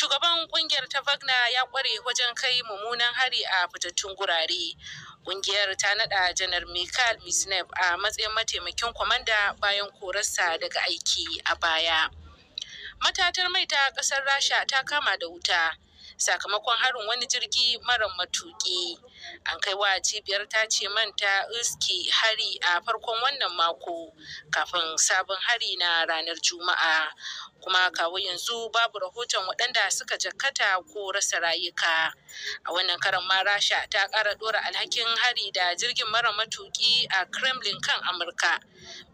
Shugaban kungiyar ta Wagner ya kware wajen kai mummunan hari a fitattun gurare. Kungiyar ta nada janar Mikhail Misnev a matsayin mataimakin kwamanda bayan korarsa daga aiki a baya. Matatar mai ta kasar Rasha ta kama da wuta sakamakon harin wani jirgi mara matuki. an kai wa cibiyar ta ce manta iski hari a farkon wannan mako kafin sabon hari na ranar juma'a kuma kawo yanzu babu rahoton waɗanda suka jakkata ko rasa rayuka a wannan karan ma rasha ta ƙara ɗora alhakin hari da jirgin mara matuƙi a kremlin kan amurka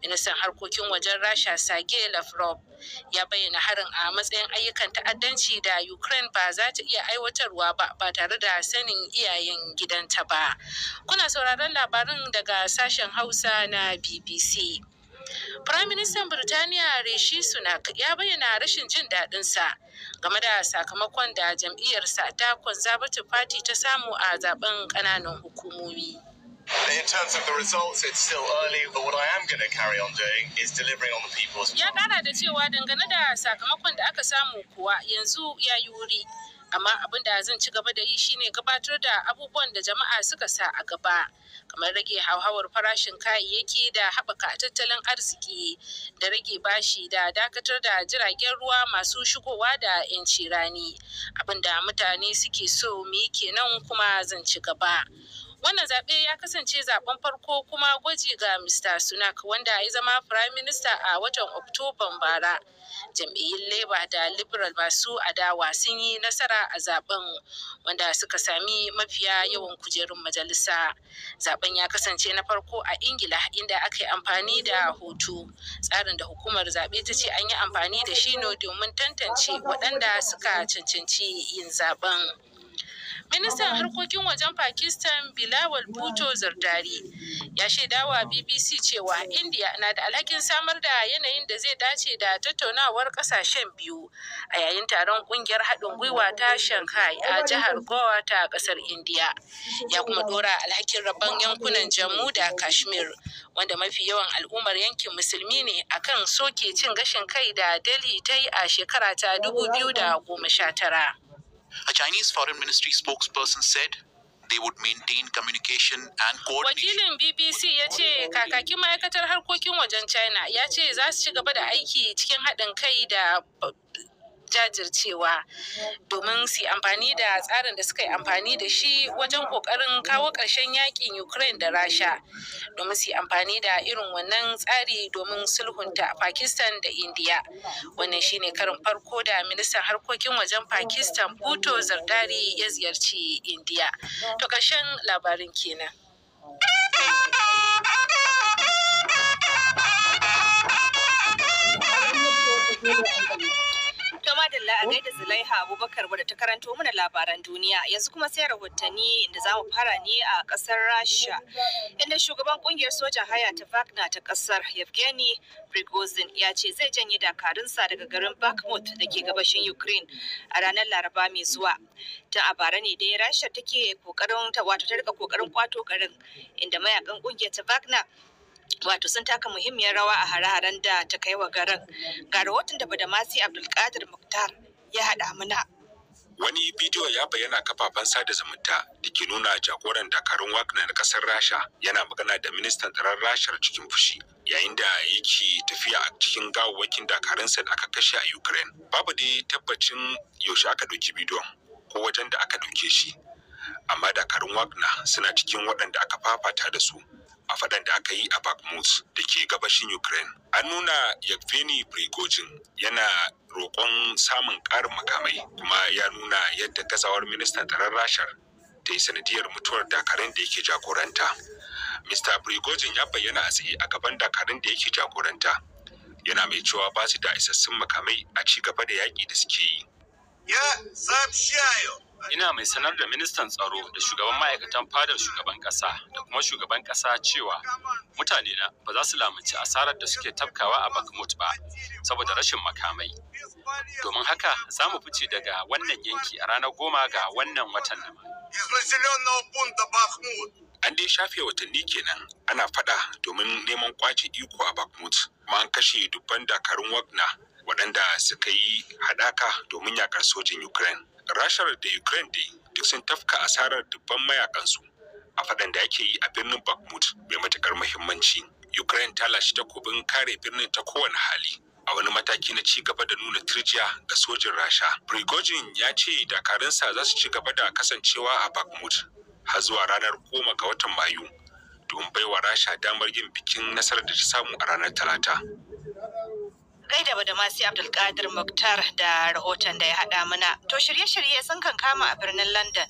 ministan harkokin wajen rasha sage lavrov ya bayyana harin a matsayin ayyukan ta'addanci da ukraine ba za ta iya aiwatarwa ba ba tare da sanin iyayen gidan inganta ba. Kuna sauraron labarin daga sashen Hausa na BBC. Firaministan Birtaniya Rishi Sunak ya bayyana rashin jin daɗinsa game da sakamakon da jam'iyyarsa ta Conservative Party ta samu a zaben ƙananan hukumomi. In terms of the Ya ƙara da cewa dangane da sakamakon da aka samu kuwa yanzu ya yi wuri. amma abin da zan ci gaba da yi shine gabatar da abubuwan da jama'a suka sa a gaba kamar rage hauhawar farashin kayayyaki da haɓaka tattalin arziki da rage bashi da dakatar da jiragen ruwa masu shigowa da 'yanci rani abin da mutane suke so mu yi kenan kuma zan ci gaba Wannan zaɓe ya kasance zaben farko kuma gwaji ga Mr. Sunak wanda ya zama Prime Minister a watan Oktoban bara. Jam'iyyun Labour da Liberal masu adawa sun yi nasara a zaben wanda suka sami mafiya yawan kujerun majalisa. Zaben ya kasance na farko a Ingila inda aka yi amfani da hoto. Tsarin da hukumar zaɓe ta ce an yi amfani da shi ne domin tantance waɗanda suka cancanci yin zaben. Ministan harkokin wajen Pakistan Bilawal Bhutto Zardari ya shaidawa BBC cewa India na da alhakin samar da yanayin da zai dace da tattaunawar kasashen biyu a yayin taron kungiyar haɗin gwiwa ta Shanghai a jihar Goa ta ƙasar India. Ya kuma dora alhakin rabon yankunan Jammu da Kashmir wanda mafi yawan al'ummar yankin musulmi ne akan soke cin gashin kai da Delhi ta yi a shekara ta tara. A Chinese foreign ministry spokesperson said they would maintain communication and coordination. BBC kakakin ma'aikatar harkokin wajen China za su ci gaba da aiki cikin haɗin kai da jajircewa domin su amfani da tsarin da suka yi amfani da shi wajen kokarin kawo ƙarshen yakin Ukraine da Rasha domin su amfani da irin wannan tsari domin sulhunta Pakistan da India. Wannan shine karin farko da ministan harkokin wajen Pakistan puto Zardari ya ziyarci India. To ƙarshen labarin kenan. Thank you. madalla a gaida Zulaiha Abubakar wadda ta karanto mana labaran duniya. Yanzu kuma sai rahotanni da za mu fara ne a kasar Rasha inda shugaban kungiyar sojan haya ta Wagner ta kasar Yevgeny Prigozhin ya ce zai janye dakarunsa daga garin Bakhmut da ke gabashin Ukraine a ranar Laraba mai zuwa. Ta a bara ne dai Rasha take kokarin ta wato ta rika kokarin kwato garin inda mayakan kungiyar ta Wagner wato sun taka muhimmiyar rawa a hare-haren da ta kai wa garin ga rahoton da badamasi abdulkadir muktar ya haɗa mana wani bidiyo ya bayyana kafafen sada zumunta da ke nuna jagoran dakarun wagner na kasar rasha yana magana da ministan tsaron rashar cikin fushi yayin da yake tafiya a cikin gawawwakin dakarunsa da aka kashe a ukraine babu dai tabbacin yaushe aka ɗauki bidiyon ko wajen da aka ɗauke shi amma dakarun wagner suna cikin waɗanda aka fafata da su faɗan da aka yi a Bakhmut da ke gabashin Ukraine. An nuna Yevgeny Prigozhin yana roƙon samun ƙarin makamai kuma ya nuna yadda gazawar ministan tsaron Rashar ta yi sanadiyar mutuwar dakarun da yake jagoranta. Mr. Prigozhin ya bayyana a tsaye a gaban dakarun da yake jagoranta. Yana mai cewa ba su da isassun makamai a ci gaba da yaƙi da suke yi. Ya ayo. ina mai sanar da ministan tsaro da shugaban ma'aikatan fadar shugaban kasa da kuma shugaban kasa cewa mutane na ba za su lamunci asarar da suke tafkawa a bakmut ba saboda rashin makamai domin haka za mu fice daga wannan yanki a ranar goma ga wannan watan nan an dai shafe watanni kenan ana fada domin neman kwace iko a bakmut ma an kashe dubban dakarun wagner waɗanda suka yi haɗaka domin yakar sojin ukraine rashar da ukraine dai duk sun tafka asarar dubban mayakansu a faɗan da ake yi a birnin bakhmut mai matuƙar muhimmanci ukraine ta lashe takobin kare birnin ta kowane hali a wani mataki na ci gaba da nuna turjiya ga sojin rasha prigozhin ya ce dakarunsa za su ci gaba da kasancewa a bakhmut har zuwa ranar goma ga watan mayu don baiwa rasha damar yin bikin nasarar da ta samu a ranar talata gaida ba da masu Abdulkadir Muktar da rahoton da ya haɗa mana. To shirye-shirye sun kan kama a birnin London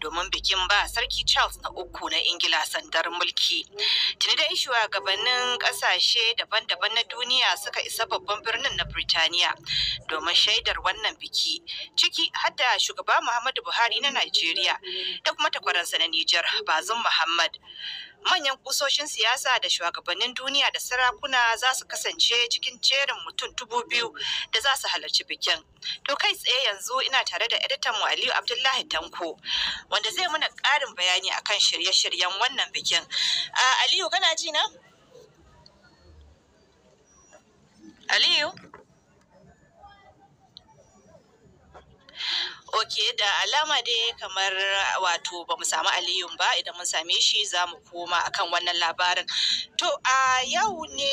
domin bikin ba Sarki Charles na uku na Ingila sandar mulki. Tuni da gabanin ƙasashe daban-daban na duniya suka isa babban birnin na Birtaniya domin shaidar wannan biki. Ciki har shugaba Muhammadu Buhari na Najeriya da kuma takwaransa na Nijar Bazin Muhammad. manyan kusoshin siyasa da shugabannin duniya da sarakuna za su kasance cikin jerin mutum dubu biyu da za su halarci bikin. To kai tsaye yanzu ina tare da editan mu Aliyu Abdullahi Tanko wanda zai muna ƙarin bayani akan shirye-shiryen wannan bikin. Ah, Aliyu kana ji na? Aliyu? ok da alama dai kamar wato ba mu samu aliyun ba idan mun same shi za mu koma akan wannan labarin to a yau ne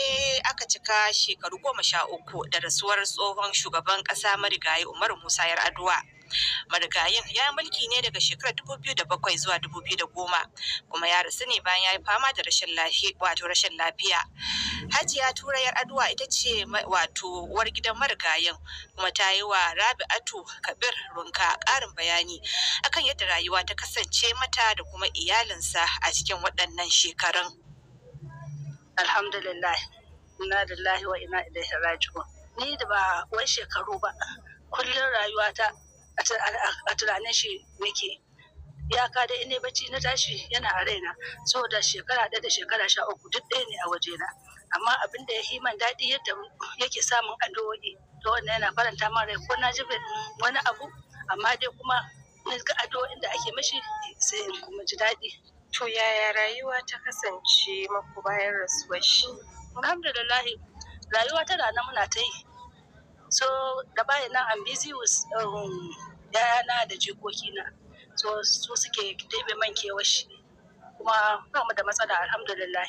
aka cika shekaru goma sha uku da rasuwar tsohon shugaban ƙasa marigayi umaru musa yar'adua marigayin ya yi mulki ne daga shekarar 2007 zuwa 2010 kuma ya rasu ne bayan ya yi fama da rashin lafiya wato rashin lafiya hajiya turayar aduwa ita ce wato uwar gidan marigayin kuma ta yi wa rabi'atu kabir runka ƙarin bayani akan yadda rayuwa ta kasance mata da kuma iyalinsa a cikin waɗannan shekarun alhamdulillah inna lillahi wa ina ilaihi raji'un ni da ba wai shekaru ba kullum rayuwata a tunanin shi nake ka da ne bacci na tashi yana a raina saboda shekara ɗaya da shekara sha uku duk ɗaya ne a wajena amma abin da ya yi man daɗi yadda yake samun addu'o'i to wannan yana faranta min rai ko na ji wani abu amma dai kuma na ga addu'o'in da ake mashi sai in kuma ji daɗi. to yaya rayuwa ta kasance maku bayan rasuwar shi. alhamdulillah rayuwa tana nan muna ta yi so gaba da nan i'm busy with um, yana da jikokina so su suke ɗebe man kewashi kuma ba mu da matsala alhamdulillah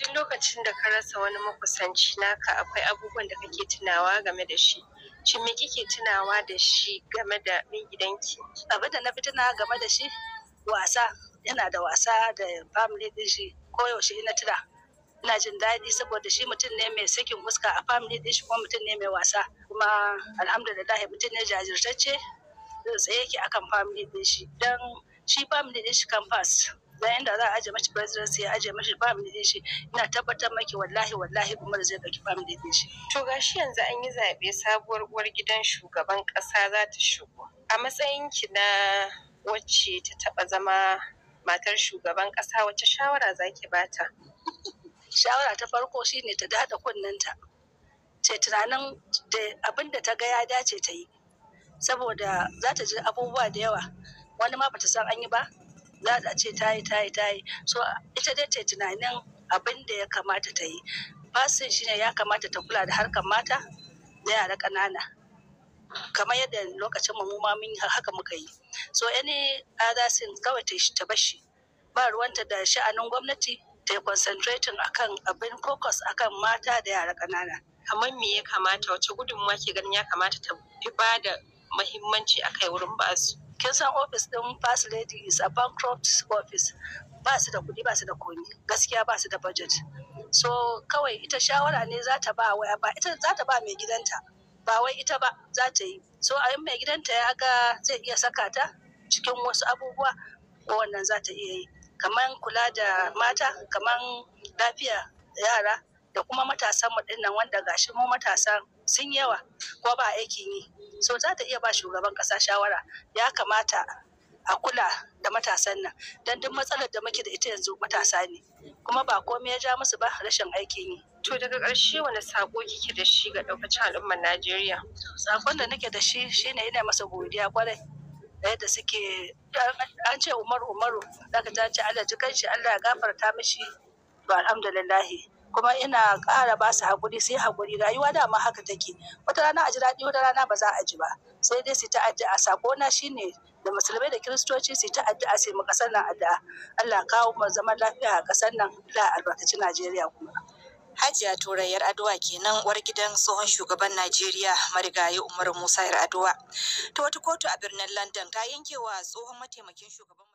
duk lokacin da ka rasa wani makusanci naka akwai abubuwan da kake tunawa game da shi shin me kike tunawa da shi game da min gidanki abin da na fituna game da shi wasa yana da wasa da family din shi koyaushe ina tuna ina jin daɗi saboda shi mutum ne mai sakin fuska a family din shi kuma mutum ne mai wasa kuma alhamdulillah mutum ne jajirtacce zai tsaye ki akan family din shi dan shi family din shi kan pass bayan da za a aje mashi presidency ya aje mashi family din shi ina tabbatar maki wallahi wallahi kuma da zai dauki family din shi to gashi yanzu an yi zabe sabuwar uwar gidan shugaban kasa za ta shigo a matsayin ki na wacce ta taba zama matar shugaban kasa wacce shawara zaki bata shawara ta farko shine ta dada ta. ce tunanin da abin da ta ga ya dace ta yi saboda za ta ji abubuwa da yawa wani ma bata san an yi ba za ta ce ta yi ta yi ta yi so ita dai ce tunanin abin da ya kamata ta yi fasin shine ya kamata ta kula da harkar mata da yara ƙanana kamar yadda lokacin mu ma mun haka muka yi so any other kawai ta bashi ba ruwanta da sha'anin gwamnati ta yi concentrating akan abin focus akan mata da yara ƙanana kamar me ya kamata wace gudunmuwa ke ganin ya kamata ta fi ba da mahimmanci a kai wurin basu kin san ofis ɗin first lady is a bankrupt office ba su da kuɗi ba su da komi gaskiya ba su da budget so kawai ita shawara ne za ta ba waya ba ita za ta ba mai gidanta ba wai ita ba za ta yi so a mai gidanta ya ga zai iya saka ta cikin wasu abubuwa wannan za ta iya yi kamar kula da mata kamar lafiya yara da kuma matasan mu dinnan wanda gashi mu matasan sun yawa ko ba aikin yi so za ta iya ba shugaban kasa shawara ya kamata a kula da matasan nan don duk matsalar da muke da ita yanzu matasa ne kuma ba komai ya ja musu ba rashin aikin yi to daga ƙarshe wani sako kike da shi ga ɗaukacin al'ummar najeriya sakon da nake da shi shine ina masa godiya kwarai ɗaya da suke an ce umaru umaru daga ta ci Allah jikan shi Allah ya gafarta mishi to alhamdulillahi kuma ina ƙara ba su haƙuri sai haƙuri rayuwa da ma haka take wata rana a ji daɗi wata rana ba za a ji ba sai dai su ta addu'a sako na shine da musulmai da kiristoci su ta addu'a sai mu ƙasar nan addu'a Allah kawo mu zaman lafiya a ƙasar nan Allah albarkaci Najeriya kuma Hajiya Turai aduwa kenan war gidan tsohon shugaban Najeriya marigayi Umar Musa yar aduwa Ta wata kotu a birnin London ta yankewa tsohon mataimakin shugaban